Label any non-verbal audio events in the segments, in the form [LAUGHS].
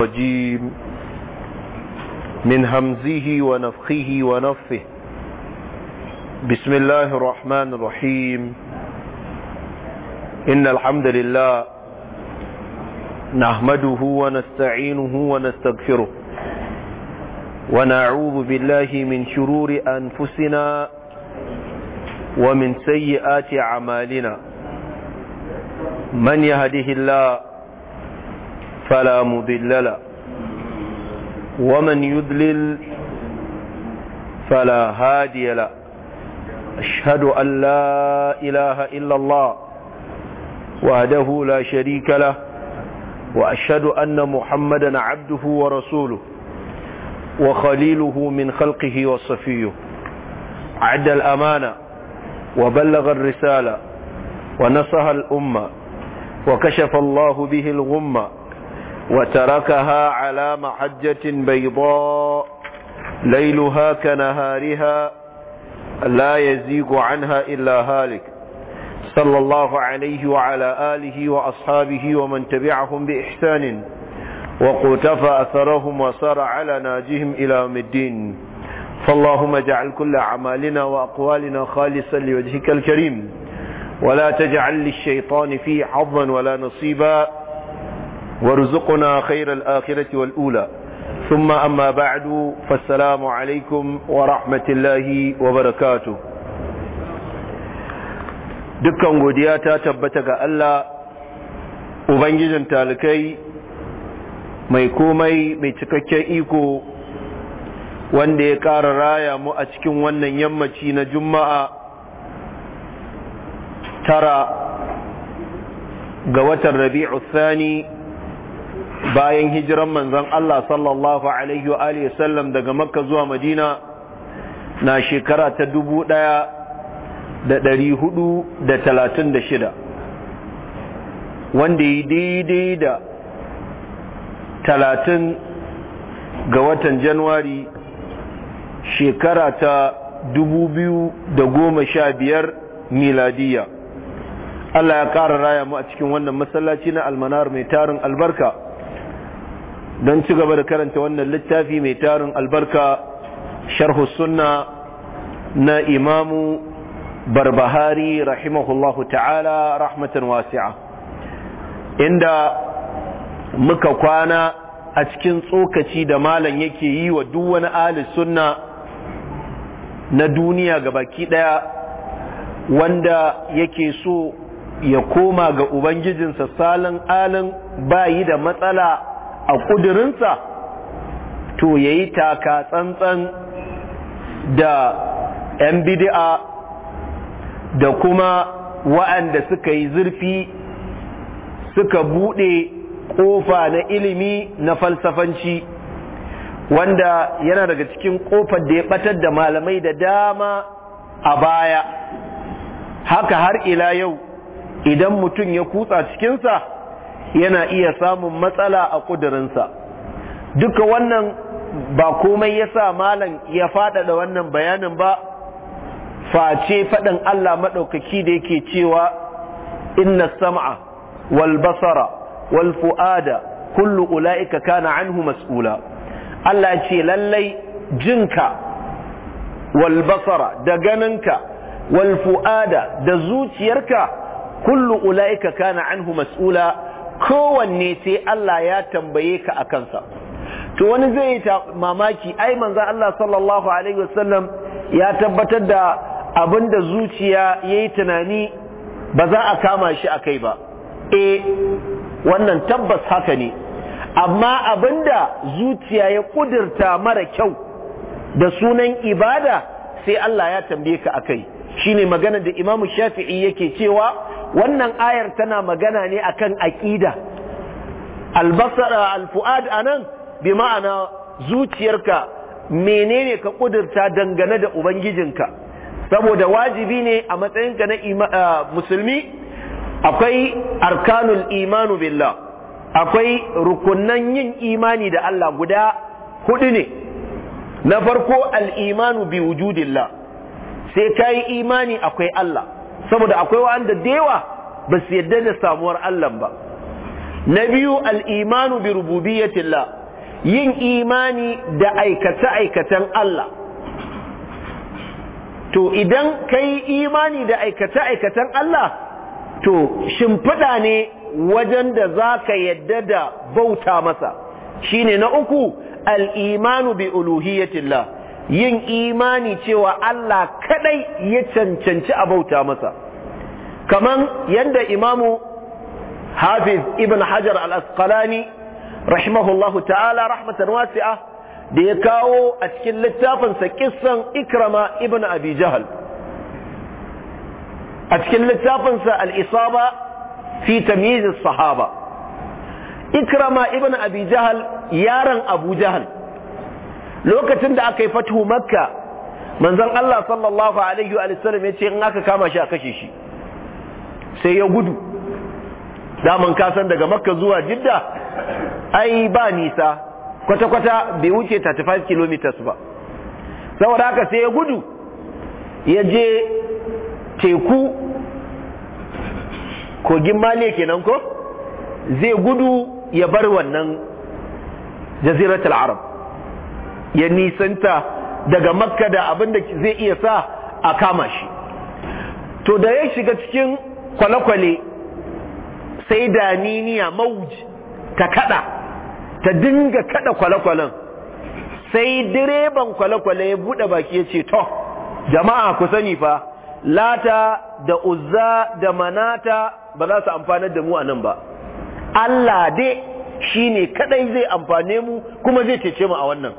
الرجيم من همزه ونفخه ونفه بسم الله الرحمن الرحيم إن الحمد لله نحمده ونستعينه ونستغفره ونعوذ بالله من شرور أنفسنا ومن سيئات أعمالنا من يهده الله فلا مضل له ومن يضلل فلا هادي له أشهد أن لا إله إلا الله وحده لا شريك له وأشهد أن محمدا عبده ورسوله وخليله من خلقه وصفيه عد الأمانة وبلغ الرسالة ونصح الأمة وكشف الله به الغمة وتركها على محجة بيضاء ليلها كنهارها لا يزيغ عنها إلا هالك صلى الله عليه وعلى آله وأصحابه ومن تبعهم بإحسان وقتف أثرهم وسار على ناجهم إلى الدين فاللهم اجعل كل أعمالنا وأقوالنا خالصا لوجهك الكريم ولا تجعل للشيطان فيه حظا ولا نصيبا وارزقنا خير الآخرة والأولى ثم أما بعد فالسلام عليكم ورحمة الله وبركاته دكا ودياتا تبتك ألا أبنجزا تالكي ميكومي ميتككي إيكو wanda ya ƙara raya mu a cikin wannan yammaci na juma'a tara ga watan rabi'u thani bayan hijiran manzon Allah sallallahu alaihi wa alihi sallam daga makka zuwa madina na shekara ta dubu ɗaya da ɗari hudu da talatin da shida wanda yi daidai da talatin ga watan januwari shekara ta dubu biyu da goma sha biyar miladiya Allah ya ƙara raya mu a cikin wannan masallaci na almanar mai tarin albarka don ci gaba da karanta wannan littafi mai tarin albarka sharhu sunna na imamu barbahari rahimahullahu ta'ala rahmatan wasi'a inda muka kwana a cikin tsokaci da malam yake yi wa duk wani ahli sunna na duniya ga baki daya wanda yake so ya koma ga ubangijinsa salin alin bayi da matsala a ƙudurinsa to ya yi taka tsantsan da 'yan bidi'a da kuma wa'anda suka yi zurfi suka buɗe ƙofa na ilimi na falsafanci wanda yana daga cikin ƙofar da ya ɓatar da malamai da dama a baya haka har ila yau idan mutum ya kutsa cikinsa yana iya samun matsala a ƙudurinsa duka wannan ba komai ya sa malam ya faɗaɗa wannan bayanin ba face faɗin Allah maɗaukaki da yake cewa inna sam'a wal basara wal fu'ada kullu ula'ika kana anhu mas'ula Allah ce lallai jinka wal basara da ganinka wal fu'ada da zuciyarka kullu ula'ika kana anhu mas'ula kowanne sai Allah ya tambaye ka a kansa to wani zai yi mamaki ai manzan Allah sallallahu alaihi wasallam ya tabbatar da abin da zuciya ya yi tunani ba za a kama shi a kai ba e wannan tabbas haka ne amma abin da zuciya ya kudurta mara kyau da sunan ibada sai Allah ya tambaye ka a kai shine magana da imamu shafi'i yake cewa wannan ayar tana magana ne akan aqida albasara alfuad anan bi ma'ana zuciyarka menene ka kudurta dangane da ubangijinka saboda wajibi ne a matsayinka na musulmi akwai arkanul imanu billah akwai rukunan yin imani da Allah guda hudu ne na farko al-imanu bi wujudillah sai kai imani akwai Allah saboda akwai wanda da yawa ba su yadda da samuwar Allah ba na biyu al'imanu bi rububiyyatillah yin imani da aikace aikatan Allah to idan kai imani da aikace-aikacen Allah to shimfiɗa ne wajen da za ka yadda da bauta masa shine na uku al'imanu bi uluhiyyatillah yin imani cewa Allah kadai ya cancanci a bauta masa kaman yadda imamu hafiz ibn hajar al-asqalani rahimahullahu ta'ala rahmatan wasi'a da ya kawo a cikin littafinsa kissan ikrama ibn abi jahal a cikin littafinsa al-isaba fi tamyiz as-sahaba ikrama ibn abi jahal yaron abu jahal lokacin da aka yi fatuhu makka manzon Allah sallallahu alaihi wa sallam ya ce in aka kama shi a kashe shi sai ya gudu daman kasan daga makka zuwa jidda ai ba nisa kwata-kwata bai wuce 35 km ba saboda haka sai ya gudu ya je teku kogin maliya kenan ko zai gudu ya bar wannan jaziratul arab ya nisanta daga makka da abin da zai iya sa a kama shi to da ya shiga cikin kwale-kwale sai niniya mawuji ta kada ta dinga kada kwale-kwalen sai direban kwale-kwale ya buɗe baki ya ce to jama'a ku sani fa lata da uzza da manata ba za su amfana da mu a nan ba Allah dai shi ne kadai zai amfane mu kuma zai cece mu a wannan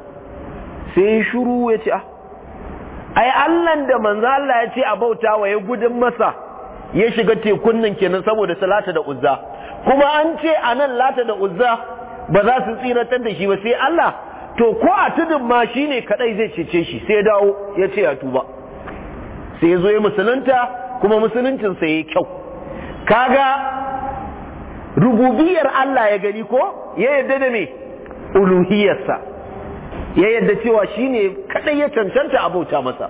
sai shuru ya ce ah ai allan da manzo Allah ya ce a bauta wa ya gudun masa ya shiga tekun nan kenan saboda lata da uzza kuma an ce anan lata da uzza ba za su tsiratar da shi ba sai Allah to ko a tudun ma shine kadai zai cece shi sai ya dawo ya ce ya tuba sai ya zo ya musulunta kuma musuluncin sa yayi kyau kaga rububiyar Allah ya gani ko ya yarda da me uluhiyarsa ya yadda cewa ne kaɗai ya cancanta abota masa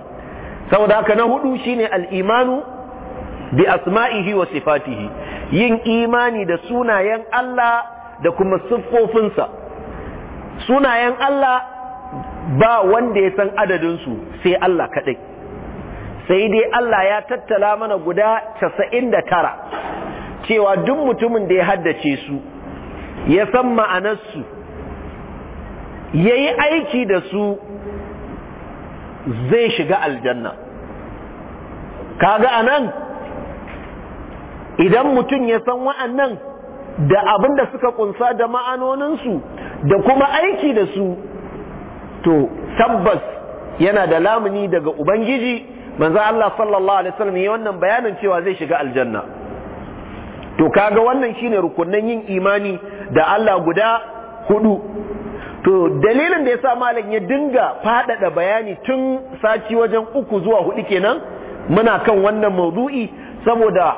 saboda haka na hudu shi ne imanu bi asma'ihi wa sifatihi yin imani da sunayen Allah da kuma siffofinsa sunayen Allah ba wanda ya san adadinsu sai Allah kaɗai sai dai Allah ya tattala mana guda casa'in da tara cewa duk mutumin da ya haddace su ya san ma'anarsu yayi aiki da su zai shiga aljanna kaga a nan idan mutum ya san wa'annan da abin da suka kunsa da ma'anoninsu da kuma aiki da su to tabbas yana da lamuni daga ubangiji manzo Allah sallallahu alaihi wasallam yayin wannan bayanin cewa zai shiga aljanna to kaga wannan shine rukunin yin imani da Allah guda hudu to dalilin da ya sa malam ya dinga faɗaɗa bayani tun sati wajen uku zuwa hudu kenan muna kan wannan maudu'i saboda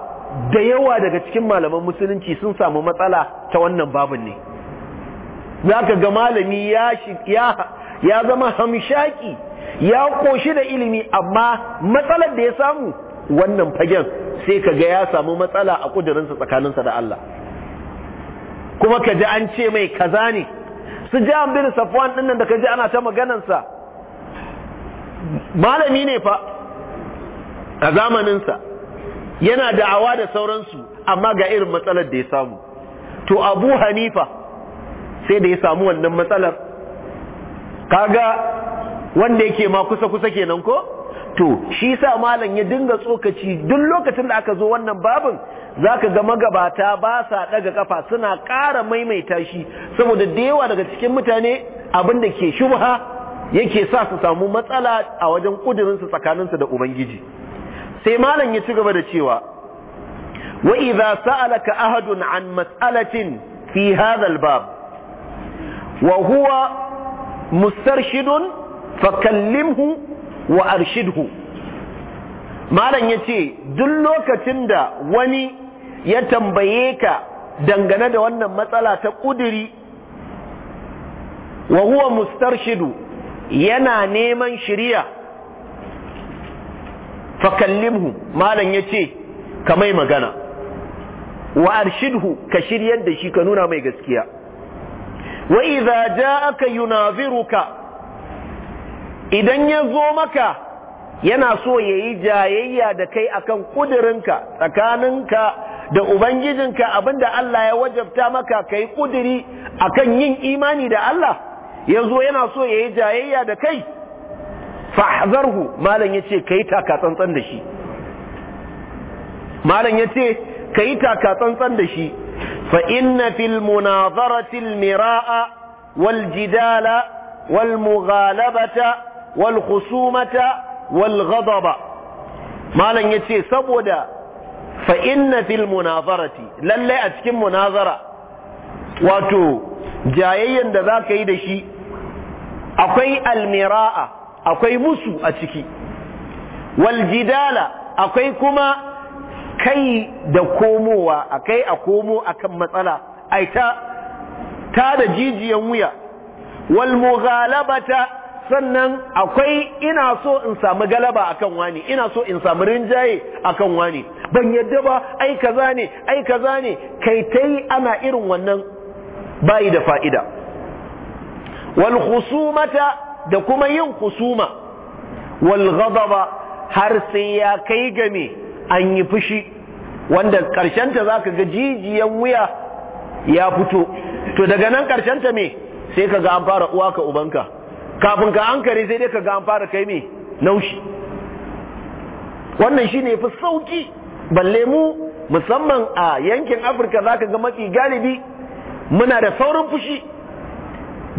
da yawa daga cikin malaman musulunci sun samu matsala ta wannan babin ne za ka ga malami ya zama hamshaki ya koshi da ilimi amma matsalar da ya samu wannan fagen sai ka ga ya samu matsala a kudurinsa tsakaninsa da Allah kuma ka ji an ce mai kaza ne su an bin safwan ɗin nan da ka ji ana ta maganansa malami ne fa a zamaninsa yana da'awa da sauransu amma ga irin matsalar da ya samu to abu hanifa sai da ya samu wannan matsalar kaga wanda yake ma kusa-kusa kenan ko? to shi sa malam ya dinga tsokaci duk lokacin da aka zo wannan babin ka ga magabata ba sa daga kafa suna ƙara maimaita shi saboda da yawa daga cikin mutane abin da ke shubha yake sa su samu matsala a wajen kudirin su tsakanin su da ubangiji sai malam ya ci gaba da cewa wa idza sa'alaka ahadun an mas'alatin fi hadha al-bab wa huwa mustarshidun fakallimhu wa arshidhu malam yace duk lokacin da wani ya tambaye ka dangane da wannan matsala ta kuduri wa huwa mustarshidu yana neman shiriya kallimhu malam yace ka mai magana wa arshidhu ka shiryar da shi ka nuna mai gaskiya wa idza ja'aka yunaziruka idan ya zo maka yana so ya yi jayayya da kai akan kudirinka tsakaninka da ubangijinka abinda Allah ya wajabta maka ka yi kudiri akan yin imani da Allah ya yana so ya yi jayayya da kai fahzarhu malam ya ce ka yi takatsantsan da shi malam ya ce ka yi da shi fa inna fil munazaratil mira'a wal jidala wal mughalabata wal khusumata wal ghadaba malam ce saboda fa fil munazarati lallai a cikin munazara wato jayayyen da za ka yi da shi akwai almira'a akwai musu a ciki wal jidala akwai kuma kai da komowa akai a komo akan matsala Aita ta da jijiyan wuya wal mughalabata sannan akwai ina so in samu galaba akan wani ina so in samu rinjaye akan wani ban yadda ba ai kaza ne ai kaza ne kai tai ana irin wannan bai da fa'ida wal khusumata da kuma yin khusuma wal ghadaba har sai ya kai game an yi fushi wanda karshenta zaka ga jijiyan wuya ya fito to daga nan karshenta me sai kaga an fara uwa ka ubanka kafin ka hankali sai dai ka ga an fara kai mai naushi wannan shi shine fi sauki balle mu musamman a yankin afirka za ka ga matsi galibi muna da saurin fushi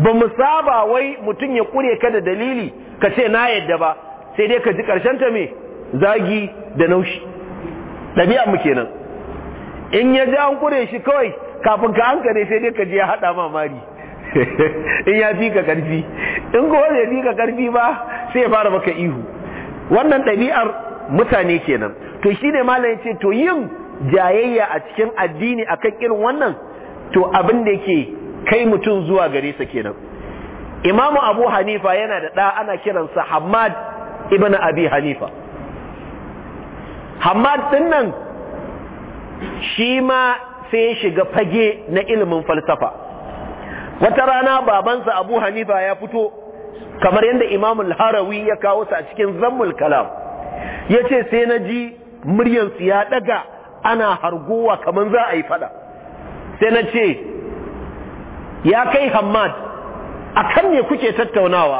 ba mu saba wai mutum ya kure ka da dalili ka ce na yadda ba sai dai ka ji karshen ta me zagi da naushi ɗabi'a mu kenan in ya ji an kure shi kawai kafin ka hankali sai dai ka ji ya haɗa mamari [LAUGHS] in ya fi ka karfi in ko ya fi ka karfi ba sai ya fara maka ihu wannan ɗabi'ar mutane kenan to shi ne malam ce to yin jayayya a cikin addini akan irin wannan to abin da ke kai mutum zuwa gare sa kenan imamu abu hanifa yana da ɗa ana kiransa hamad ibn abi hanifa hamad din nan shi ma sai ya shiga fage na ilimin falsafa wata rana babansa abu hanifa ya fito kamar yadda imamul harawi ya kawo sa a cikin zammul kalam ya ce sai na ji muryansu ya daga ana hargowa kamar za a yi fada sai na ce ya kai hamad a kan ne kuke tattaunawa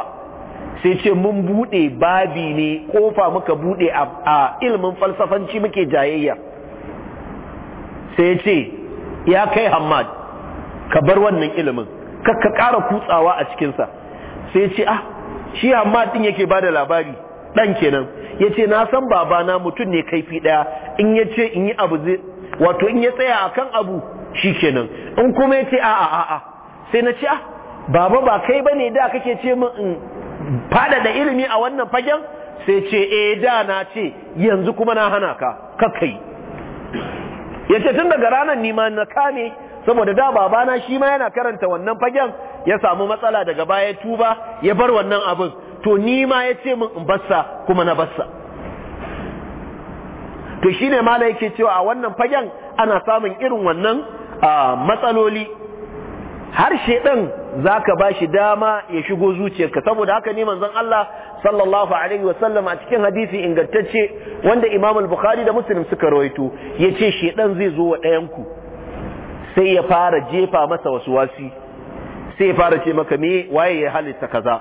sai ce mun buɗe babi ne ƙofa muka buɗe a ilimin falsafanci muke jayayya sai ce ya kai hamad ka bar wannan ilimin ka ƙara kutsawa a cikinsa sai ce ah shi amma din yake ba da labari ɗan kenan ya ce na san babana mutum ne kaifi ɗaya in ya ce in yi abu zai wato in ya tsaya a kan abu shi kenan in kuma ya ce a'a a sai na ce ah baba ba kai ba ne da kake ce min in faɗaɗa ilimi a wannan fagen sai ce e da na ce yanzu kuma na hana ka kakai ya ce tun daga ranar nima na kame saboda da babana shi ma yana karanta wannan fagen ya samu matsala daga baya tuba ya bar wannan abin to ni ma ya ce min in bassa kuma na bassa to shine mala yake cewa a wannan fagen ana samun irin wannan matsaloli harshe ɗin za ka ba shi dama ya shigo zuciyarka saboda haka ne manzon Allah sallallahu alaihi wasallam a cikin hadisi ingantacce wanda imam al-bukhari da muslim suka rawaito ya ce dan zai zo wa ɗayanku sai ya fara jefa masa wasu wasi sai ya fara ce maka me waye ya halitta kaza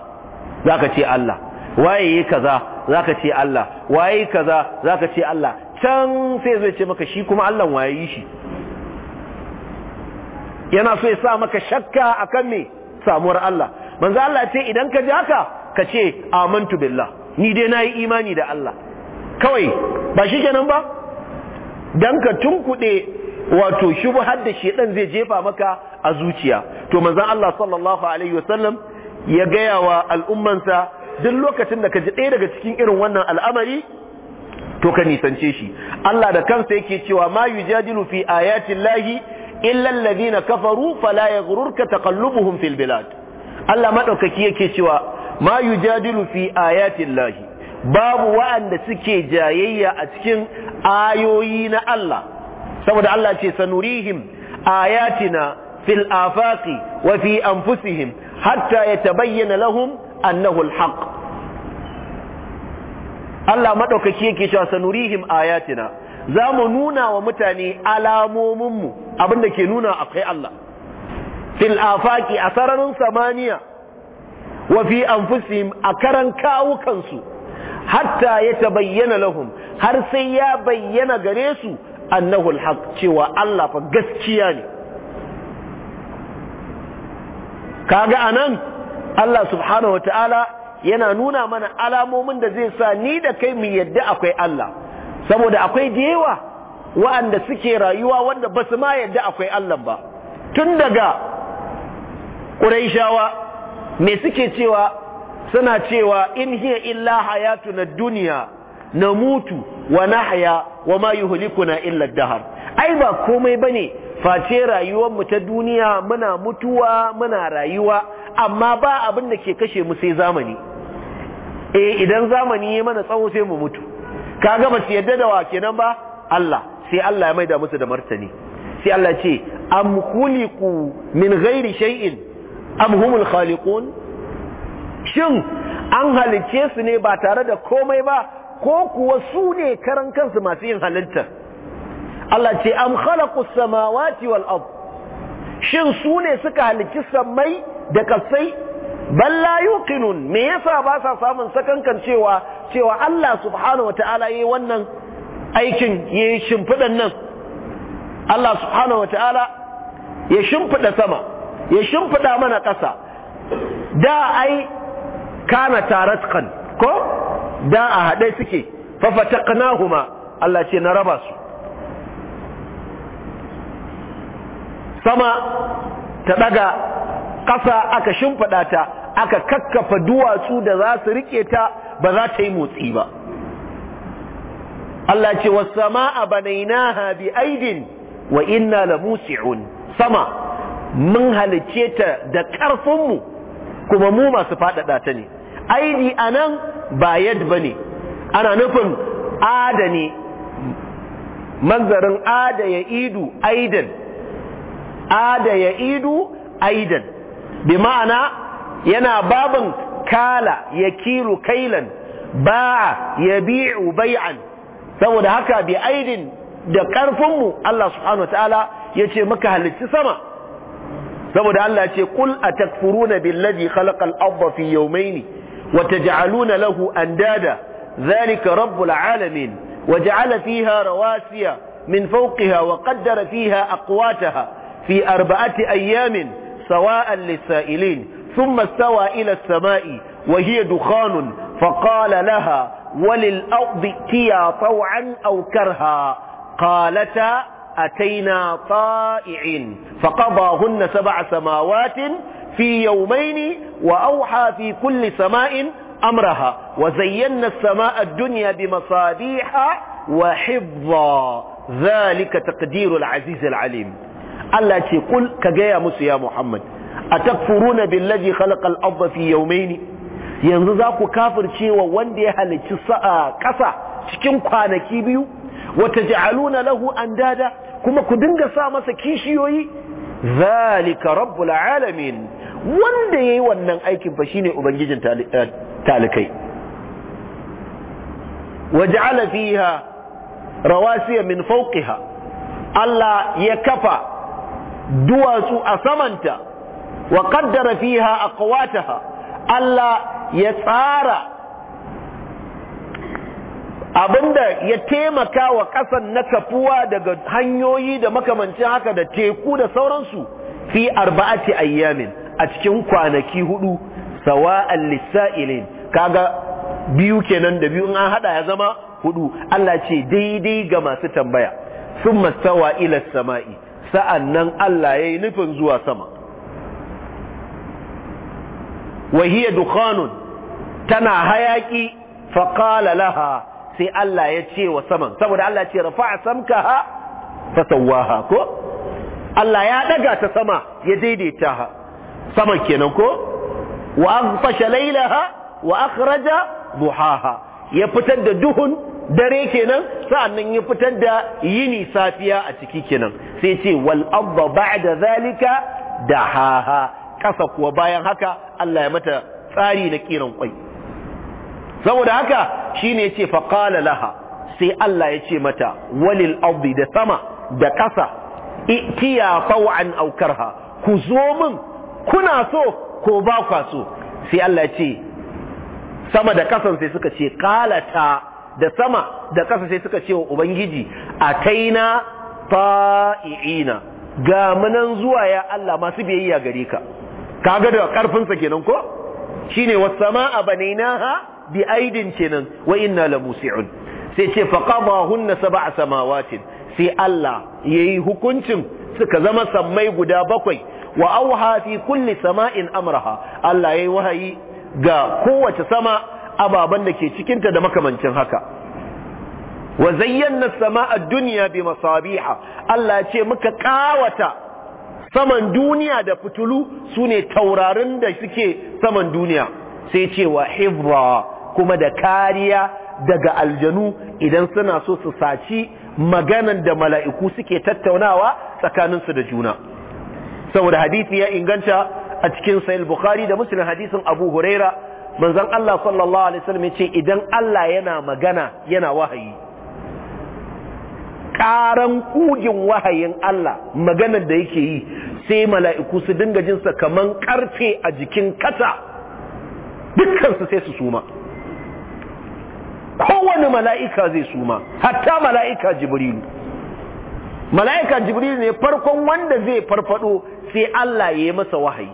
zaka ce Allah waye ya kaza zaka ce Allah waye kaza zaka ce Allah can sai zai ce maka shi kuma Allah waye yi shi yana so ya sa maka shakka akan me samuwar Allah manzo Allah ce idan ka ji haka ka ce amantu billah ni dai nayi imani da Allah kawai ba shi kenan ba dan ka tunkuɗe wato shubhar da shedan zai jefa maka a zuciya to manzon Allah sallallahu alaihi wasallam ya gaya wa al'ummansa duk lokacin da ka ji ɗaya daga cikin irin wannan al'amari to ka nisance shi Allah da kansa yake cewa ma yujadilu fi ayatin lahi illa alladhina kafaru fala yaghrurka taqallubuhum fil bilad Allah madaukaki yake cewa ma yujadilu fi ayatin lahi babu wa'anda suke jayayya a cikin ayoyi na Allah saboda Allah ce sanurihim ayatina fil afaqi wa fi anfusihim hatta yatabayyana lahum annahu alhaq Allah madaukaki yake cewa sanurihim ayatina za mu nuna wa mutane alamominmu abinda ke nuna akwai Allah fil afaqi a sararin samaniya wa fi anfusihim a karan kawukansu hatta ya lahum har sai ya bayyana gare su annahu alhaq cewa Allah fa gaskiya ne kaga anan Allah subhanahu wataala yana nuna mana alamomin da zai sa ni da kai mu yadda akwai Allah saboda akwai diyewa waɗanda suke rayuwa wanda ba su ma yadda akwai Allah ba tun daga ƙuraishawa me suke cewa suna cewa in hiya illa hayatuna duniya. Na mutu wa na haya wa ma na illa dahar ai ba komai bane face rayuwar mu ta duniya muna mutuwa muna rayuwa amma ba abin da ke kashe mu sai zamani e idan zamani ya mana tsawo sai mu mutu kaga ba su yadda da wa kenan ba Allah sai Allah ya maida musu da martani sai Allah ce am khuliqu min gairi shay'in am humul khaliqun shin an halice su ne ba tare da komai ba ko kuwa su ne karan kansu masu yin halitta Allah ce am khalaqu samawati wal ard shin su ne suka halicci sammai da kasai bal la yuqinun me yasa ba sa samun sakankan cewa cewa Allah subhanahu wataala yayi wannan aikin yayi shimfidan nan Allah subhanahu wataala ya shimfida sama ya shimfida mana ƙasa da ai kana taratkan ko da a haɗe suke fafataqnahuma Allah ce na raba su sama ta ɗaga ƙasa aka shimfiɗa ta aka kakkafa duwatsu da za su rike ta ba za ta yi motsi ba Allah ce was sama'a banainaha bi aidin wa inna la musi'un sama mun halice ta da ƙarfinmu kuma mu masu faɗaɗa ta ne aidi a nan ba yad ba ne ana nufin ada ne manzarin ada ya idu aidan ada ya idu aidan bi ma'ana yana babin kala ya kilu kailan ba'a ya bi'u bai'an saboda haka bi aidin da ƙarfinmu Allah subhanahu wa ta'ala ya ce muka halicci sama saboda Allah ce kul a takfuruna billazi khalaqal arda fi yawmayni وتجعلون له أندادا ذلك رب العالمين وجعل فيها رواسي من فوقها وقدر فيها أقواتها في أربعة أيام سواء للسائلين ثم استوى إلى السماء وهي دخان فقال لها وللأرض ائتيا طوعا أو كرها قالتا أتينا طائعين فقضاهن سبع سماوات في يومين وأوحى في كل سماء أمرها وزينا السماء الدنيا بمصابيح وحفظا ذلك تقدير العزيز العليم الله تقول كجايا موسى يا محمد أتكفرون بالذي خلق الأرض في يومين ينزاق كافر شيء وانديها لجساء كسا شكين قانا كيبيو وتجعلون له أندادا كما كدنغ سامس كيشيوي ذلك رب العالمين wanda ya yayi wannan aikin fa shine ubangijin eh, talikai waj'ala fiha rawasiya min fawqiha Allah ya kafa duwatsu a samanta wa qaddara fiha aqwataha Allah ya tsara abinda ya taimaka wa ƙasan na kafuwa daga hanyoyi da makamancin haka da teku da sauransu fi arba'ati ayyamin a cikin kwanaki hudu sawa al-lisailin kaga biyu kenan da biyu an hada ya zama hudu Allah ce daidai ga masu tambaya sun sawa ila sama'i sa'annan Allah yayi nufin zuwa sama wa hiya dukhanun tana hayaki fa qala laha sai Allah ya ce wa saman saboda Allah ce rafa'a samkaha fa sawaha ko Allah ya daga ta sama ya daidaita ha sama kenan ko wa aghfasha laylaha wa akhraja duhaha ya fitar da duhun dare kenan sa'annan ya fitar da yini safiya a ciki kenan sai ce wal arda ba'da zalika dahaha kasa kuwa bayan haka Allah ya mata tsari da kiran kwai saboda haka shine yace fa qala laha sai Allah ya ce mata walil ardi da sama da kasa itiya taw'an aw karha ku zo min kuna so ko ba kwa so sai Allah ce sama da kasan sai suka ce kalata da sama da kasa sai suka ce wa ubangiji ataina ta'iina ga munan zuwa ya Allah masu biyayya gare ka kaga da karfin kenan ko shine was samaa banainaha bi aidin kenan wa inna la musi'un sai ce hunna sab'a samawatin sai Allah yayi hukuncin suka zama sammai guda bakwai wa auha fi kulli sama'in amraha Allah yayi wahayi ga kowace sama ababan da ke cikinta da makamancin haka wa zayyana sama'a dunya bi masabiha Allah ce muka kawata saman duniya da fitulu sune taurarin da suke saman duniya sai ce wa hibra kuma da kariya daga aljanu idan suna so su saci maganan da mala'iku suke tattaunawa tsakaninsu da juna saboda hadisi ya inganta a cikin sahih bukhari da muslim hadisin abu huraira manzon Allah sallallahu alaihi wasallam yace idan Allah yana magana yana wahayi karan kugin wahayin Allah maganar da yake yi sai mala'iku su dinga jinsa kaman karfe a jikin kasa su sai su suma kowane mala'ika zai suma hatta mala'ika jibrilu mala'ika jibrilu ne farkon wanda zai farfado sai Allah ya yi masa wahayi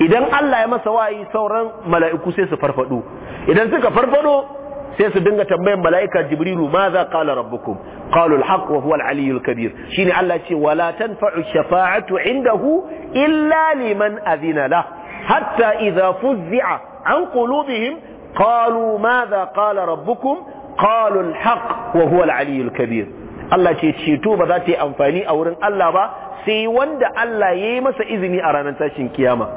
idan Allah ya masa wahayi sauran mala'iku sai su farfado idan suka farfado sai su dinga tambayin mala'ika jibrilu ma za qala rabbukum qalu alhaq wa huwa aliyyul kabir shine Allah ce wala tanfa'u shafa'atu hu illa liman adhina la hatta iza fuzzi'a an qulubihim qalu madha qala rabbukum qalu alhaq wa huwa aliyyul kabir Allah ce ceto ba za ta yi amfani a wurin Allah ba sai wanda Allah ya yi masa izini a ranar tashin kiyama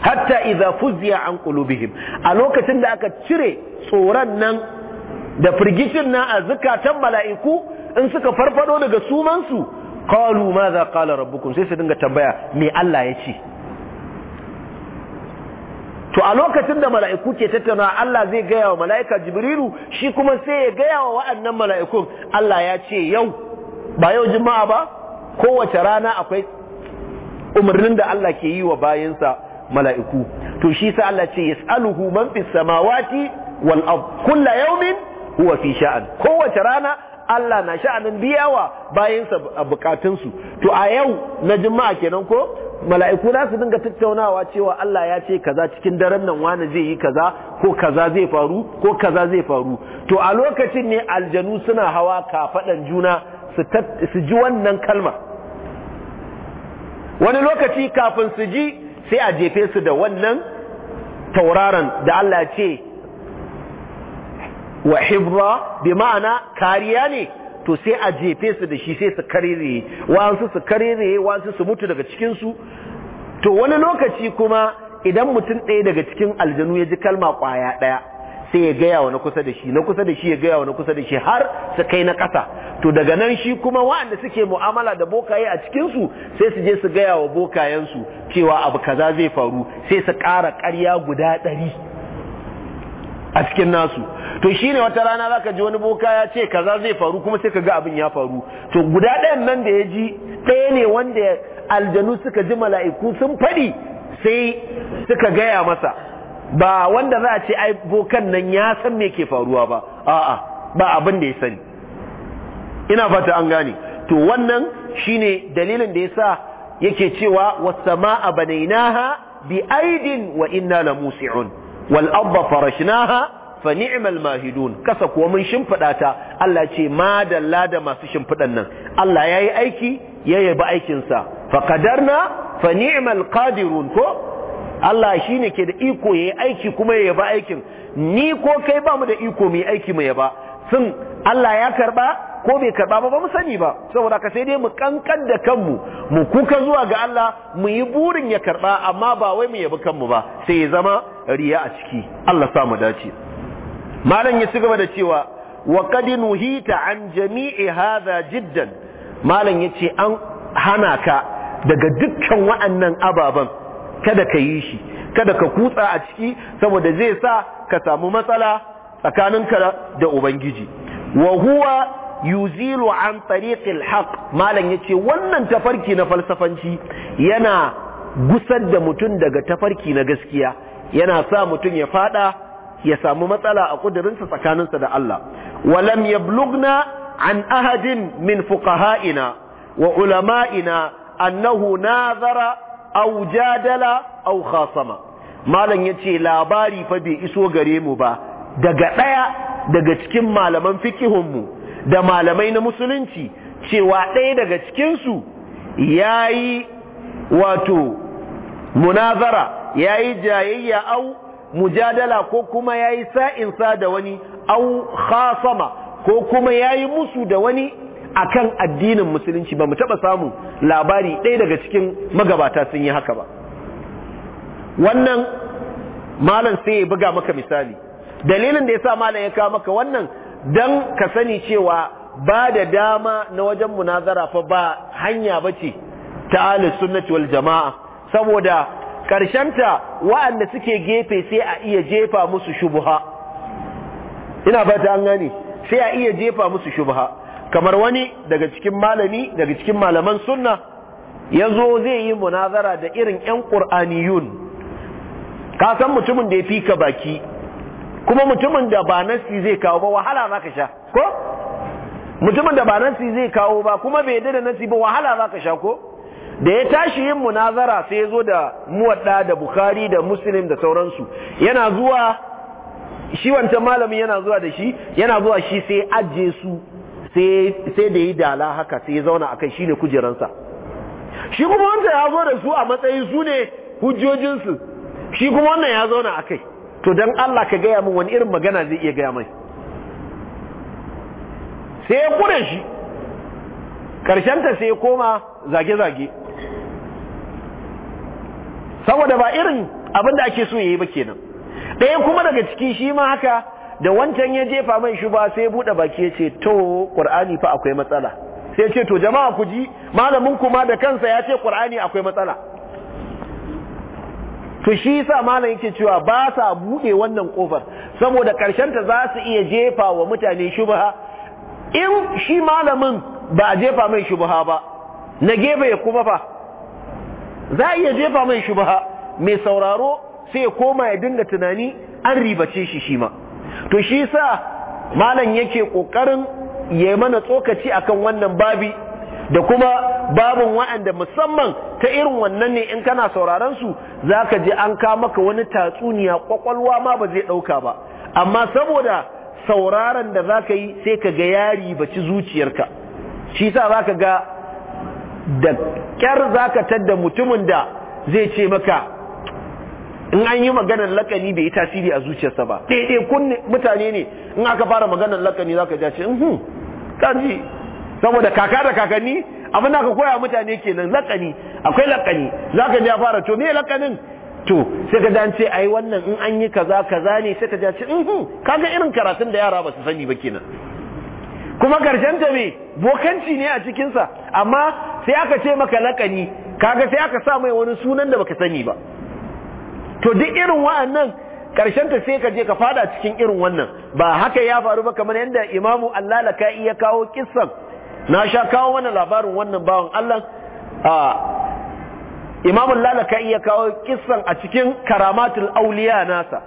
hatta iza, fuziya, an qulubihim a lokacin da aka cire tsoron nan da firgicin nan a zukatan mala'iku in suka farfado daga sumansu qalu za qala rabbukum sai su dinga tambaya me Allah ya ce to a lokacin da mala'iku ke tattauna Allah zai gaya wa mala'ika jibrilu shi kuma sai ya gaya wa wa'annan mala'ikun Allah ya ce yau ba yau juma'a ba kowace rana akwai umarnin da Allah ke yi wa bayansa mala'iku to shi sa Allah ce ya yas'aluhu man fis samawati wal ard kullu min? huwa fi sha'an kowace rana Allah na sha'anin wa bayansa a bukatunsu to a yau na jima'a kenan ko mala'iku na su dinga tattaunawa cewa Allah ya ce kaza cikin daren nan wani zai yi kaza ko kaza zai faru ko kaza zai faru to a lokacin ne aljanu suna hawa kafaɗan juna su ji wannan kalma wani lokaci kafin su ji sai a jefe su da wannan tauraron da Allah ce wa hibra bi ma'ana kariya ne to sai a jefe su da shi sai su karere wasu su karere wasu su mutu daga cikinsu to wani lokaci kuma idan mutum ɗaya daga cikin aljanu ya ji kalma ƙwaya ɗaya sai ya gaya wa na kusa da shi na kusa da shi ya gaya wani kusa da shi har su kai na kasa to daga nan shi kuma waɗanda suke mu'amala da bokaye a cikinsu sai su je su gaya wa bokayensu cewa abu kaza zai faru sai su ƙara ƙarya guda ɗari a cikin nasu to shine wata rana zaka ji wani boka ya ce kaza zai faru kuma sai ka ga abin ya faru to guda ɗayan nan da ya ji ɗaya ne wanda aljanu suka ji mala'iku sun faɗi sai suka gaya masa ba wanda za a ce ai bokan nan ya san me ke faruwa ba a'a ba abin da ya sani ina fata an gane to wannan shine dalilin da yasa yake cewa was-samaa banaynaha bi aidin wa inna musi'un wal arda farashnaha fa ni'mal mahidun kasa kuwa mun shimfida ta Allah ce ma da masu shimfidan nan Allah yayi aiki ya yaba aikin sa fa qadarna fa ni'mal qadirun ko Allah shi ne ke da iko ya yi aiki kuma ya yaba aikin ni ko kai ba mu da iko mu yi aiki mu yaba sun Allah ya karba ko bai karba ba ba mu sani ba saboda ka sai dai mu kankan da kanmu mu kuka zuwa ga Allah mu yi burin ya karba amma ba wai mu yabi kanmu ba sai ya zama riya a ciki Allah sa mu dace malam ya cigaba da cewa wa qad nuhita an jami'i hadha jiddan malam yace an hana ka daga dukkan wa'annan ababan kada ka yi shi kada ka kutsa a ciki saboda zai sa ka samu matsala tsakaninka da ubangiji wa huwa yuzilu an tariqil haqq malam yace wannan tafarki na falsafanci yana gusar da mutum daga tafarki na gaskiya yana sa mutum ya fada ya samu matsala a kudurinsa tsakaninsa da Allah walam yablugna an ahadin min fuqaha'ina wa ulama'ina annahu nazara aw jadala aw khasama malam yace labari fa bai iso gare mu ba daga daya daga cikin malaman fikihun mu da malamai na musulunci cewa ɗaya daga cikin su yayi wato munazara yayi jayayya au mujadala ko kuma yayi sa'insa da wani au khasama ko kuma yayi musu da wani akan addinin musulunci ba mu taɓa samu labari ɗaya daga cikin magabata sun yi haka ba wannan malam sai ya buga maka misali dalilin da ya sa malam ya kawo maka wannan don ka sani cewa ba da dama na wajen munazara fa ba hanya ba ce ta sunnati wal jama'a saboda ƙarshenta wa'anda suke gefe sai a iya jefa musu shubha ina ta an gane sai a iya jefa musu shubha kamar wani daga cikin malami daga cikin malaman sunna ya zo zai yi munazara da irin 'yan ƙur'aniyun ka san mutumin da ya fi ka baki kuma mutumin da ba nasi zai kawo ba wahala za ka sha ko mutumin da ba nasi zai kawo ba kuma bai yadda da nasi ba wahala za ka sha ko da ya tashi yin munazara sai ya zo da muwadda da bukari da muslim da sauransu yana zuwa shi wancan malamin yana zuwa da shi yana zuwa shi sai ajiye su sai da yi dala haka sai ya zauna a kai shine kujeransa shi kuma wanda ya zo da su a matsayin su ne hujjojinsu shi kuma wannan ya zauna a kai to don Allah ka gaya min wani irin magana zai iya gaya mai sai ya kure shi ta sai ya koma zage-zage saboda ba irin abin da ake so ya yi ba kenan ɗaya kuma daga ciki shi ma haka da wancan ya jefa mai shuba sai buɗe baki ce to qur'ani fa akwai matsala sai ce to jama'a ku ji malamin ku ma da kansa ya ce qur'ani akwai matsala to shi yasa malam yake cewa ba sa buɗe wannan kofar saboda karshen ta za su iya jefa wa mutane shubha in shi malamin ba a jefa mai shubha ba na gefe kuma fa za a iya jefa mai shubha mai sauraro sai ya koma ya dinga tunani an ribace shi shi ma to shi sa malam yake kokarin ya mana tsokaci akan wannan babi da kuma babin wa'anda musamman ta irin wannan ne in kana sauraron su zaka ji an ka maka wani tatsuniya kwakwalwa ma ba zai ɗauka ba amma saboda sauraron da zaka yi sai ka ga yari baci zuciyarka shi sa zaka ga da kyar zaka tadda mutumin da zai ce maka in an yi maganar lakani bai yi tasiri a zuciyarsa ba daidai kunne mutane ne in aka fara maganar lakani za ka ja ce mhm saboda kaka da kakanni abin da aka koya mutane kenan lakani akwai lakani za ka ja fara to me lakanin to sai ka dance ai wannan in an yi kaza kaza ne sai ka ja ce mhm uhm, kaga irin karatun da yara ba su sani ba kenan kuma karshen ta me bokanci ne a cikinsa amma sai aka ce maka lakani kaga sai aka sa mai wani sunan da baka sani ba to duk irin wa'annan karshen ta sai ka je ka fada cikin irin wannan ba haka ya faru ba kamar yadda imamu Allah laka iya kawo kissan na sha kawo wannan labarin wannan bawan Allah a imamu Allah laka iya kawo kissan a cikin karamatul auliya nasa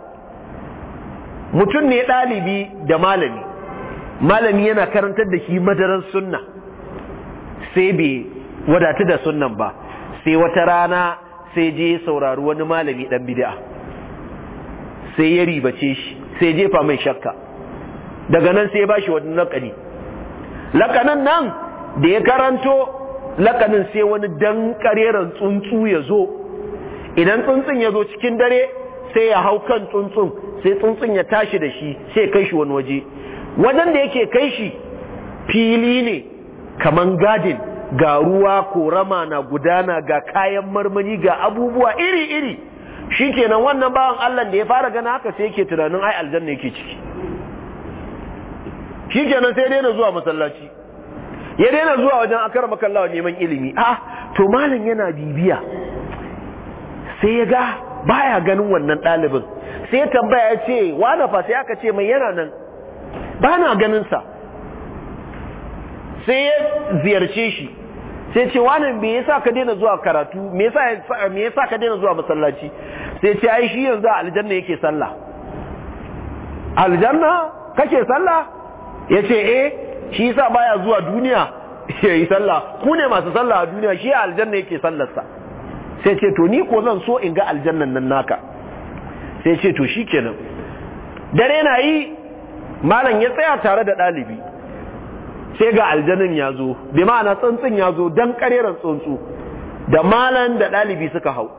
mutum ne dalibi da malami malami yana karantar da shi madaran sunna sai bai wadatu da sunnan ba sai wata rana sai je saurari wani malami dan bid'a sai ya ribace shi sai jefa mai shakka daga nan sai ya bashi wani lakani lakanan nan da ya karanto lakanin sai wani dan kareren tsuntsu ya zo idan tsuntsun ya zo cikin dare sai ya hau kan tsuntsun sai tsuntsun ya tashi da shi sai kai shi wani waje wajen da yake kai shi fili ne kaman gadin ga ruwa korama na gudana ga kayan marmari ga abubuwa iri-iri shikenan wannan bawan Allah da ya fara gana haka sai yake tunanin ai aljanna yake ciki shi kenan sai daina zuwa masallaci ya daina zuwa wajen akara makallawa neman ilimi a ah, to malam yana bibiya sai ya ga baya ganin wannan ɗalibin sai ya tambaya ya ce wane fa sai aka ce mai yana nan ba na ganinsa sai ya ziyarce shi sai ce wani me yasa ka daina zuwa karatu me yasa me ka daina zuwa masallaci sai ce ai shi yanzu aljanna yake sallah aljanna kake sallah yace eh shi yasa baya zuwa duniya [LAUGHS] yayi sallah ku ne masu sallah a duniya shi aljanna yake sallarsa sai ce to ni ko zan so in ga aljannan nan naka sai ce to shikenan dare na yi malam ya tsaya tare da ɗalibi sai ga aljanin ya zo bi ma'ana tsuntsun ya zo dan kareran tsuntsu da malan da ɗalibi suka hau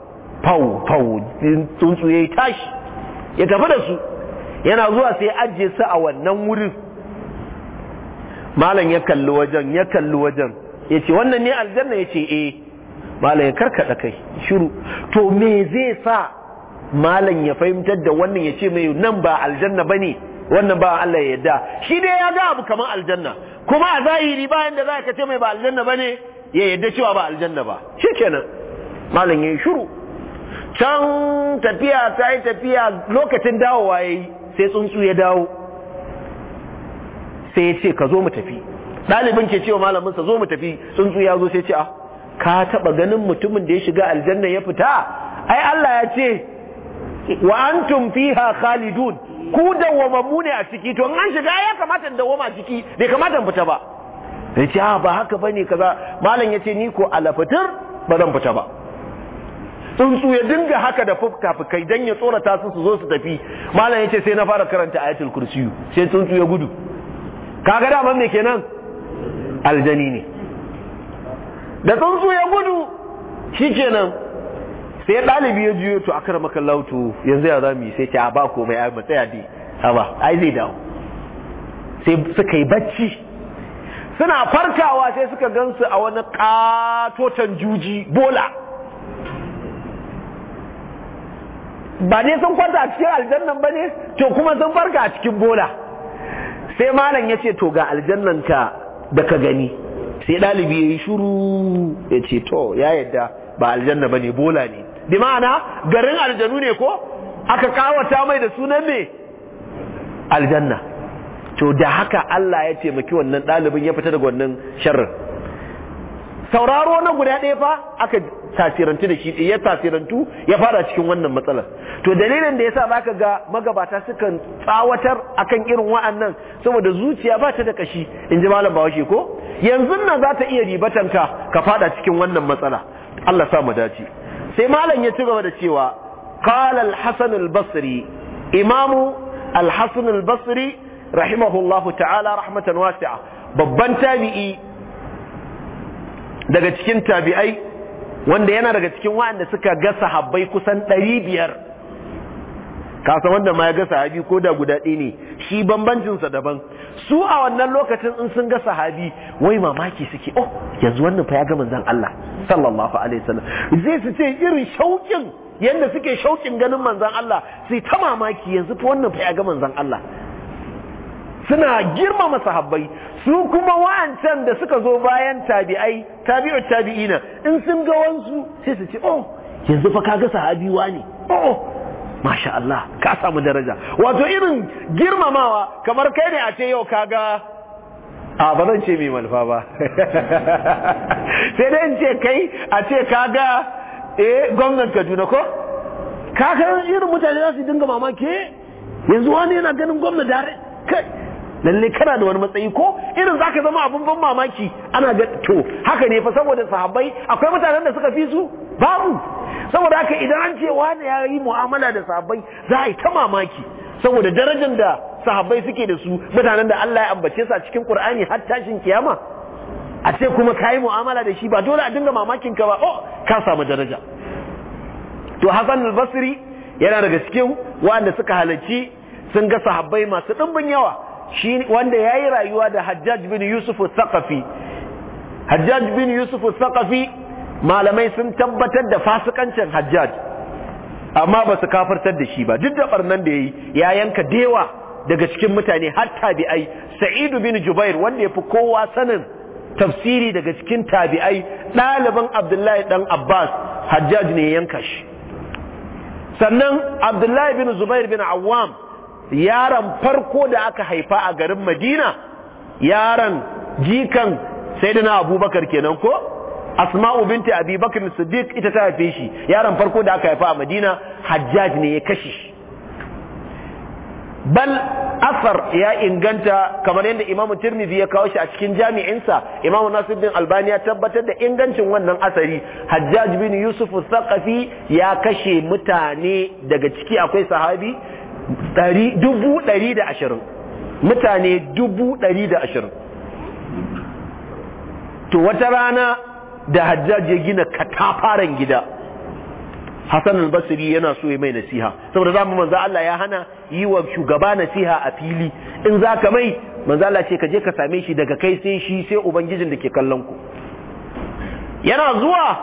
fau fau tsuntsu ya yi tashi ya tafi da su yana zuwa sai ajiye su a wannan wurin malam ya kalli wajen ya kalli wajen ya ce wannan ne aljanna ya ce eh malam ya karkada kai shiru to me zai sa malam ya fahimtar da wannan ya ce mai nan ba aljanna bane wannan ba Allah ya yarda shi dai ya ga abu kamar aljanna kuma a zahiri bayan da za ka ce mai ba aljanna ba ne ya yadda cewa ba aljanna ba shi kenan malam ya yi shuru can tafiya ta yi tafiya lokacin dawowa ya yi sai tsuntsu ya dawo sai ya ce ka zo mu tafi ɗalibin ke cewa malaminsa zo mu tafi tsuntsu ya zo sai ce a ka taɓa ganin mutumin da ya shiga aljanna ya fita ai Allah ya ce wa antum fiha khalidun ku dawwamammu ne a ciki to an shiga ya kamata in dawwama ciki bai kamata in fita ba sai ce ah, ba haka bane kaza malam yace ni ko fitir ba zan fita ba tsuntsu ya dinga haka da fuka-fukai dan ya tsorata su su zo su tafi malam yace sai na fara karanta ayatul kursiyu sai tsuntsu ya gudu kaga da man me kenan aljani ne da tsuntsu ya gudu shikenan sai ɗalibi ya juyo to akara maka lautu yanzu ya zama sai ce a ba komai ai matsaya dai haba ai zai dawo sai suka yi bacci suna farkawa sai suka gansu a wani katotan juji bola ba ne sun kwanta a cikin aljannan ba ne to kuma sun farka a cikin bola sai malam ya ce to ga aljannan ka da ka gani sai ɗalibi ya yi shuru ya ce to ya yadda ba aljanna ba ne bola ne bi ma'ana garin aljanu ne ko aka kawata mai da sunan ne aljanna to da haka Allah ya taimaki wannan ɗalibin ya fita daga wannan sharrin sauraro na guda ɗaya fa aka tasirantu da shi ya tasirantu ya fara cikin wannan matsalar to dalilin da yasa ka ga magabata sukan tsawatar akan irin wa'annan saboda zuciya ba ta da kashi in ji malam bawashi ko yanzu nan za ta iya ribatanka ka fada cikin wannan matsala Allah sa mu dace sai malam ya ci gaba da cewa qala al-hasan al-basri imamu al-hasan al-basri rahimahullahu ta'ala rahmatan wasi'a babban tabi'i daga cikin tabi'ai wanda yana daga cikin wanda suka ga sahabbai kusan ɗari biyar kasan wanda ma ya ga sahabi ko da guda ɗaya ne shi bambancinsa daban su a wannan lokacin in sun ga sahabi wai mamaki suke oh yanzu wannan fa ya ga manzon Allah sallallahu alaihi wasallam zai su ce irin shauƙin yanda suke shauƙin ganin manzon Allah sai ta mamaki yanzu fa wannan fa ya ga manzon Allah suna girmama sahabbai su kuma wa'ancan da suka zo bayan tabi'ai tabi'u tabi'ina in sun ga wansu sai su ce oh yanzu fa ga sahabi wani oh masha Allah ka samu daraja wato irin girmamawa kamar kai ne a ce yau kaga a ba zan ce mai manfa ba [LAUGHS] sai dai in ce kai a ce kaga eh gwamnan Kaduna ko kaga irin mutane za su dinga mamaki yanzu wani yana ganin gwamna da kai lalle kana da wani matsayi ko irin zaka zama abun ban mamaki ana ga to haka ne fa saboda sahabbai akwai mutanen da suka fi su babu saboda haka idan an ce wani ya yi mu'amala da sahabbai za a yi ta mamaki saboda darajar da sahabbai suke da su mutanen da Allah ya ambace su a cikin Qur'ani har tashin kiyama a ce kuma ka yi mu'amala da shi ba dole a dinga mamakin ka ba oh ka samu daraja to Hassan al-Basri yana daga cikin wanda suka halarci sun ga sahabbai masu dimbin yawa shi wanda yayi rayuwa da Hajjaj bin Yusuf al-Thaqafi Hajjaj bin Yusuf al-Thaqafi malamai sun tabbatar da fasikancin hajjaj amma ba su kafartar da shi ba duk da barnan da ya yi ya yanka dewa daga cikin mutane har tabi'ai sa'idu bin jubair wanda ya fi kowa sanin tafsiri daga cikin tabi'ai ɗaliban abdullahi dan abbas hajjaj ne ya yanka shi sannan abdullahi bin zubair bin Awwam yaron farko da aka haifa a garin madina yaron jikan sai abubakar kenan ko asma'u binti abi bakr siddiq ita ta haife shi yaron farko da aka haifa a madina hajjaj ne ya kashe shi bal asar ya inganta kamar yadda imam tirmidhi ya kawo shi a cikin jami'insa imam bin albani ya tabbatar da ingancin wannan asari hajjaj bin yusuf thaqafi ya kashe mutane daga ciki akwai sahabi dubu ɗari da ashirin mutane dubu ɗari da ashirin to wata rana da hajjaj ya gina katafaren gida Hassan al-Basri yana so ya mai nasiha saboda za zamu manzo Allah ya hana yi wa shugaba nasiha a fili in zaka mai manzo Allah ce ka je ka same shi daga kai sai shi sai ubangijin da ke kallon ku yana zuwa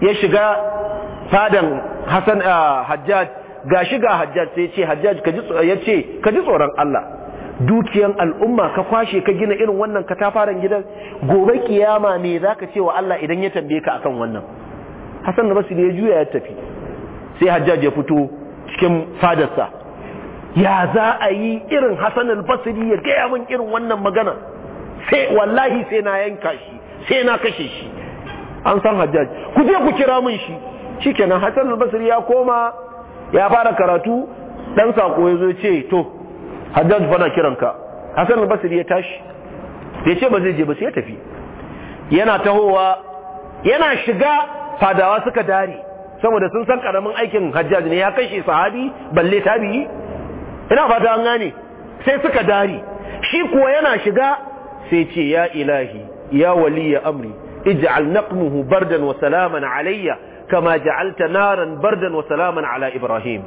ya shiga fadan Hassan ah, Hajjaj ga shiga Hajjaj sai ya ce Hajjaj ka ji tsoron Allah dukiyan al'umma ka kwashe ka gina irin wannan katafaren gidan gobe kiyama me zaka ce wa Allah idan ya tambaye ka akan wannan Hassan da basu ya juya ya tafi sai Hajjaj ya fito cikin fadarsa ya za a yi irin Hassan al-Basri ya gaya min irin wannan magana sai wallahi sai na yanka shi sai na kashe shi an san Hajjaj ku je ku kira min shi shikenan Hassan al-Basri ya koma ya fara karatu dan sako ya zo ce to hajjaj bana kiranka hasan al-basri ya tashi ya ce ba zai je ba sai ya tafi yana tahowa yana shiga fadawa suka dare saboda sun san karamin aikin hajjaj ne ya kashe sahabi balle tabi'i ina fata an gane sai suka dare shi kuwa yana shiga sai ce ya ilahi ya waliya amri ij'al naqmuhu bardan wa salaman alayya kama ja'alta naran bardan wa salaman ala ibrahim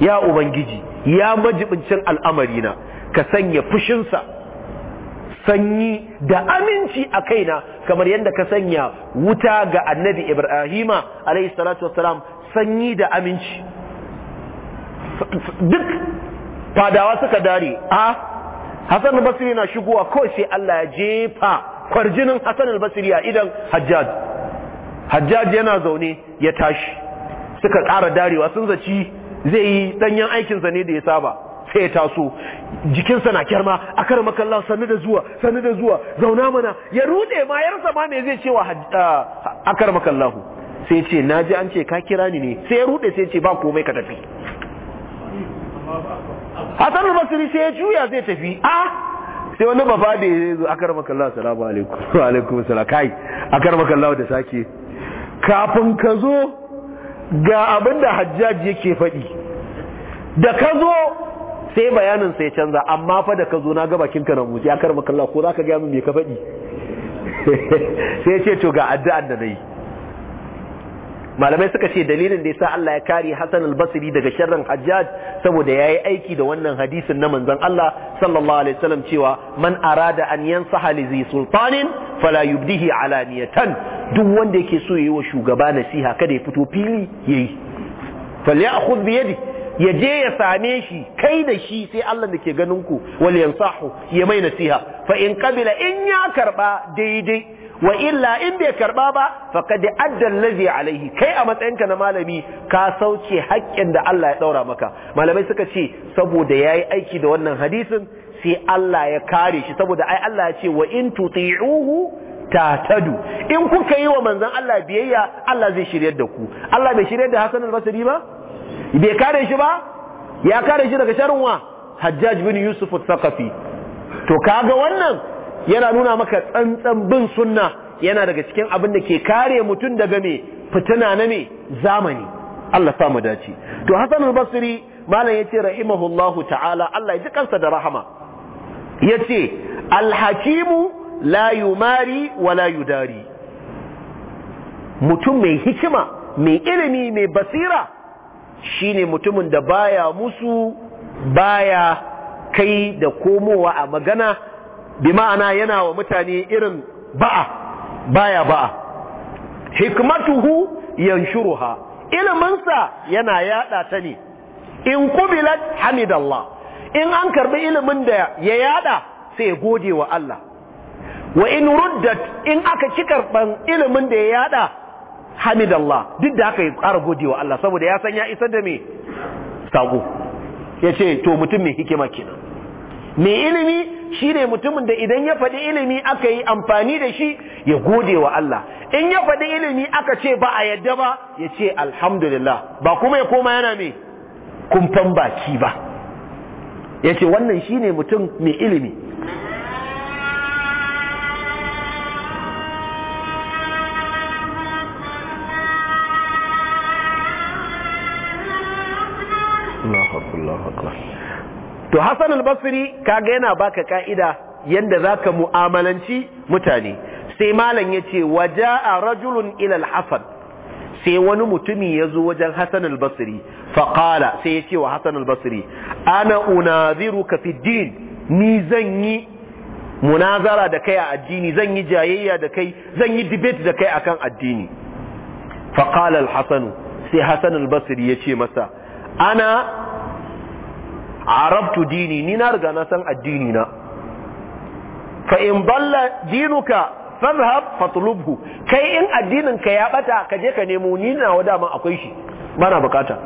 ya ubangiji ya majibincin al'amarina ka sanya fushinsa sanyi da aminci a kaina kamar yadda ka sanya wuta ga annabi ibrahima alayhi salatu wassalam sanyi da aminci duk fadawa suka dare a hassan al-basri na shigowa ko sai Allah ya jefa kwarjinin hassan al-basri a idan hajjaj hajjaj yana zaune ya tashi suka ƙara darewa sun zaci zai yi danyen aikinsa ne da ya saba sai ya taso jikinsa na kyarma a kar makalla sannu da zuwa sannu da zuwa zauna mana ya rude ma ya rasa ma me zai cewa a kar makallahu sai ce na ji an ce ka kira ni ne sai ya rude sai ce ba komai ka tafi a al-Basri sai ya juya zai tafi a sai wani bafa da ya zo kar makalla salamu alaikum [LAUGHS] salakai a kar makalla makallawa da sake kafin ka zo ga abin da hajjaji yake faɗi da ka zo sai bayanin sai canza amma fa da ka zo na ga bakinka na motsi ya karma kallon ko za ka gaya min ka faɗi [LAUGHS] sai ce to ga addu'ar da na yi malamai suka ce dalilin da yasa Allah ya kare Hassan al-Basri daga sharrin Hajjaj saboda yayi aiki da wannan hadisin na manzon Allah sallallahu alaihi wasallam cewa man arada an yansaha li sultanin fala yubdihi alaniyatan duk wanda yake so yayi wa shugaba nasiha kada ya fito fili yayi falyakhudh bi yadi ya je ya same shi kai da shi sai Allah da ke ganin ku wal yansahu ya mai nasiha fa in qabila in ya karba daidai wa illa in bai karba ba faqad adda allazi alaihi kai a matsayinka na malami ka sauke haƙƙin da Allah ya daura maka malamai suka ce saboda yayi aiki da wannan hadisin sai Allah ya kare shi saboda ai Allah ya ce wa in tuti'uhu tatadu in kuka yi wa manzon Allah biyayya Allah zai shiryar da ku Allah bai shiryar da Hassan al-Basri ba bai kare shi ba ya kare shi daga sharrin wa Hajjaj bin Yusuf al-Thaqafi to kaga wannan yana nuna maka tsantsan bin sunna yana daga cikin abin da ke kare mutum daga me fitina na me zamani Allah sa mu dace to Hassan al-Basri malam yace rahimahullahu ta'ala Allah ya ji kansa da rahama yace al-hakimu la yumari wa la yudari mutum mai hikima mai ilimi mai basira shine mutumin da baya musu baya kai da komowa a magana bi ma'ana yana wa mutane irin ba'a baya ba'a hikmatuhu yanshuruha iliminsa yana yada ta ne in kubilat hamidallah in an karbi ilimin da ya yada sai gode wa Allah wa in ruddat in aka ci karban ilimin da ya yada hamidallah duk da aka yi ƙara gode wa Allah saboda ya san ya isa da me ya yace to mutum mai hikima kenan mai ilimi shine mutumin da idan ya faɗi ilimi aka yi amfani da shi ya gode wa Allah in ya faɗi ilimi aka ce ba a yadda ba ya ce alhamdulillah ba kuma ya koma yana mai kumfan baki ba ya ce wannan shine mutum mai ilimi to Hassan al-Basri kaga yana baka ka'ida yanda zaka mu'amalanci mutane sai malam yace waja'a rajulun ila al-Hasan sai wani mutumi yazo wajen Hassan al-Basri fa qala sai yace wa Hassan al-Basri ana unaziruka fi din ni zan yi munazara da kai a addini zan yi jayayya da kai zan yi debate da kai akan addini fa qala al-Hasan sai Hassan al-Basri yace masa ana arabtu dini ni na riga na san addini na fa in balla dinuka fadhhab fatlubhu kai in addinin ka ya bata ka je ka nemo ni na wada ma akwai shi bana bukata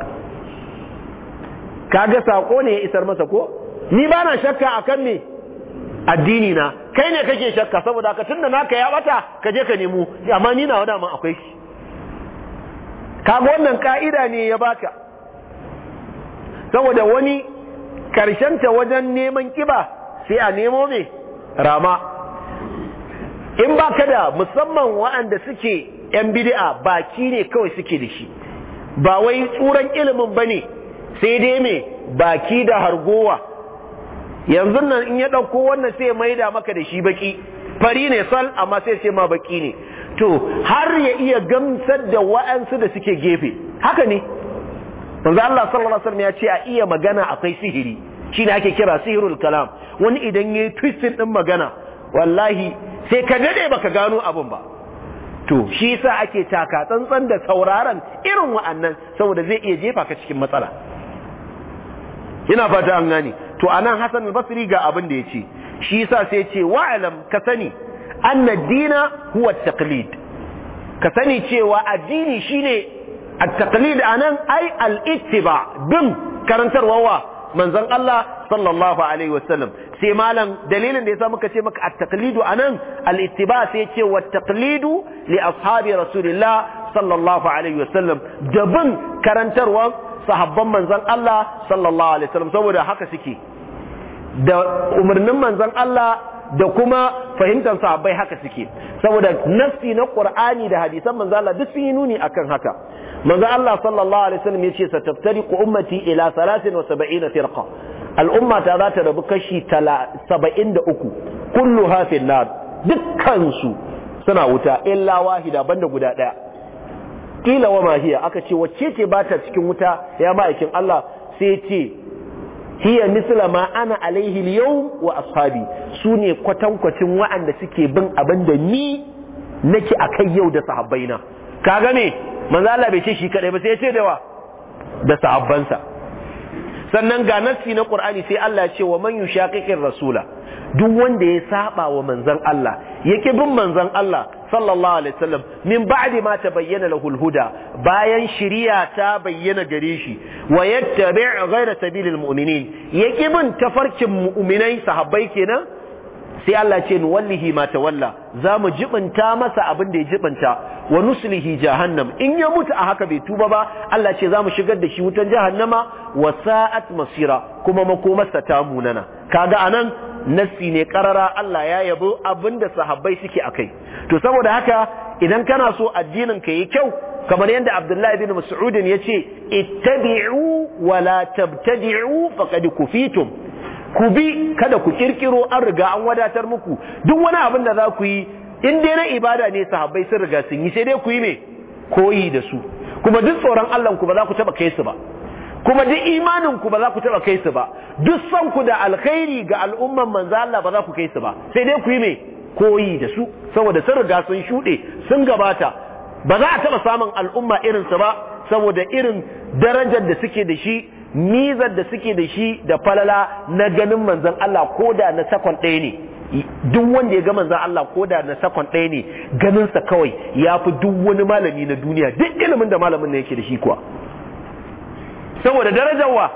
kaga sako ne ya isar masa ko ni bana shakka akan me addini na kai ne kake shakka saboda ka tunda naka ya bata ka je ka nemo amma ni na wada ma akwai shi kaga wannan ka'ida ne ya baka saboda wani Karshen ta wajen neman kiba sai a nemo mai rama in ba ka da musamman waɗanda suke ‘yan bidi'a baki ne kawai suke da shi ba wai tsuran ilimin ba ne sai dai mai baki da hargowa yanzu nan in ya ɗauko wannan sai maida maka da shi baki fari ne sal amma sai ce ma baki ne to har ya iya gamsar da wa'ansu da suke gefe haka ne wanzu Allah sallallahu alaihi wasallam ya ce a iya magana akwai sihiri shi ne ake kira sihirul kalam wani idan ya yi twistin ɗin magana wallahi sai ka dade baka gano abin ba to shi yasa ake taka tsantsan da sauraron irin wa'annan saboda zai iya jefa ka cikin matsala ina fata an gani to a nan Hassan al-Basri ga abin da ya ce shi sa sai ce wa'alam ka sani anna dina huwa taqlid ka sani cewa addini shine التقليد أنا أي الاتباع بم كرنتر وهو manzon Allah sallallahu alaihi wasallam sai malam dalilin da yasa muka ce maka at-taqlidu anan al-ittiba sai ce wa taqlidu li ashabi rasulillah sallallahu alaihi wasallam daban karantarwa sahabban manzon Allah sallallahu alaihi wasallam saboda haka suke da umarnin manzon Allah da kuma fahimtar sahabbai haka suke saboda nafsi na qur'ani da hadisan manzo Allah duk sun yi nuni akan haka manzo Allah sallallahu alaihi wasallam yace sataftariqu ummati ila 73 firqa al'umma ta za ta rabu kashi 73 kullu fi nar dukkan su suna wuta illa wahida banda guda daya kila wa mahiya aka ce wacce ce ba ta cikin wuta ya ma'aikin Allah sai ce hiya misla ma ana alaihi al wa ashabi sune kwatankwacin wa'anda suke bin abin ni nake akai yau da sahabbaina kaga me manzo Allah bai ce shi kadai ba sai ya ce da wa da sahabbansa sannan ga nassi na Qur'ani sai Allah ya ce wa man yushaqiqir rasula duk wanda ya saba wa manzon Allah yake bin manzon Allah sallallahu alaihi wasallam min ba'di ma tabayyana lahu al-huda bayan shari'a ta bayyana gare shi wa yattabi' ghayra sabilil mu'minin yaki bin tafarkin mu'minai sahabbai kenan sai Allah ce nu wallihi ma tawalla zamu jibanta masa abin da ya jibanta wa nuslihi jahannam in ya mutu a haka bai tuba ba Allah ce zamu shigar da shi wutan jahannama wa sa'at masira kuma makomarsa ta munana kaga anan nassi ne karara Allah ya yabo abinda sahabbai suke akai to saboda haka idan kana so addinin ka yi kyau kamar yadda Abdullahi bin Mas'ud ya ce ittabi'u wa la tabtadi'u faqad kufitum ku bi kada ku kirkiro an riga an wadatar muku duk wani abin da za ku yi in dai na ibada ne sahabbai sun riga sun yi sai dai ku yi me koyi da su kuma duk tsoron Allah ku ba za ku taba kai su ba kuma duk imanin ku ba za ku taba kai su ba duk san ku da alkhairi ga al'umman manzo Allah ba za ku kai su ba sai dai ku yi me koyi da su saboda sun riga sun shuɗe sun gabata ba za a taɓa samun al'umma irinsu ba saboda irin darajar da suke da shi nizar da suke da shi da falala na ganin manzan Allah ko da na sakon ɗaya ne duk wanda ya ga manzan Allah ko da na sakon ɗaya ne ganinsa kawai ya fi duk wani malami na duniya duk ilimin da malamin ne yake da shi kuwa saboda darajar wa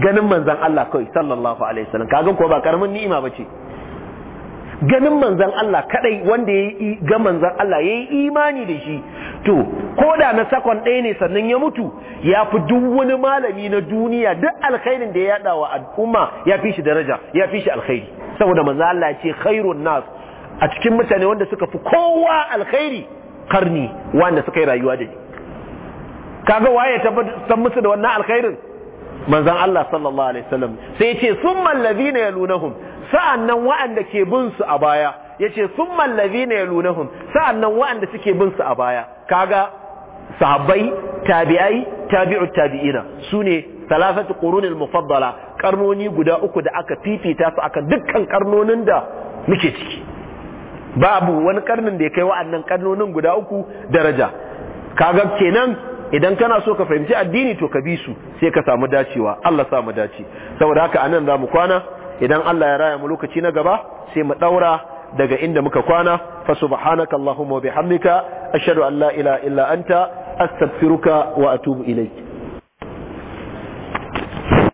ganin manzan Allah kai sallallahu alaihi wasallam kaga ko ba karamin ni'ima bace ganin manzan Allah kadai wanda ya ga manzan Allah ya yi imani da shi to ko da na sakon ɗaya ne sannan ya mutu ya fi duk wani malami na duniya duk alkhairin da ya yada wa al'umma ya fi shi daraja ya fi shi alkhairi saboda manzan Allah ya ce khairun nas a cikin mutane wanda suka fi kowa alkhairi karni wanda suka yi rayuwa da ni kaga waye tabbatar musu da wannan alkhairin manzon Allah sallallahu alaihi wasallam sai yace summa allazina yalunahum sa'annan wa'anda ke bin su a baya yace summa allazina yalunahum sa'annan wa'anda suke bin su a baya kaga sahabbai tabi'ai tabi'u tabi'ina sune thalathatu qurunil mufaddala karnoni guda uku da aka fifita su akan dukkan karnonin da muke ciki babu wani karnin da ya kai wa'annan karnonin guda uku daraja kaga kenan idan kana so ka fahimci addini to ka bi su sai ka samu dacewa Allah sa mu dace saboda haka anan zamu kwana idan Allah ya raya mu lokaci na gaba sai mu daura daga inda muka kwana fa subhanaka allahumma wa bihamdika ashhadu an la ilaha illa anta astaghfiruka wa atubu ilayk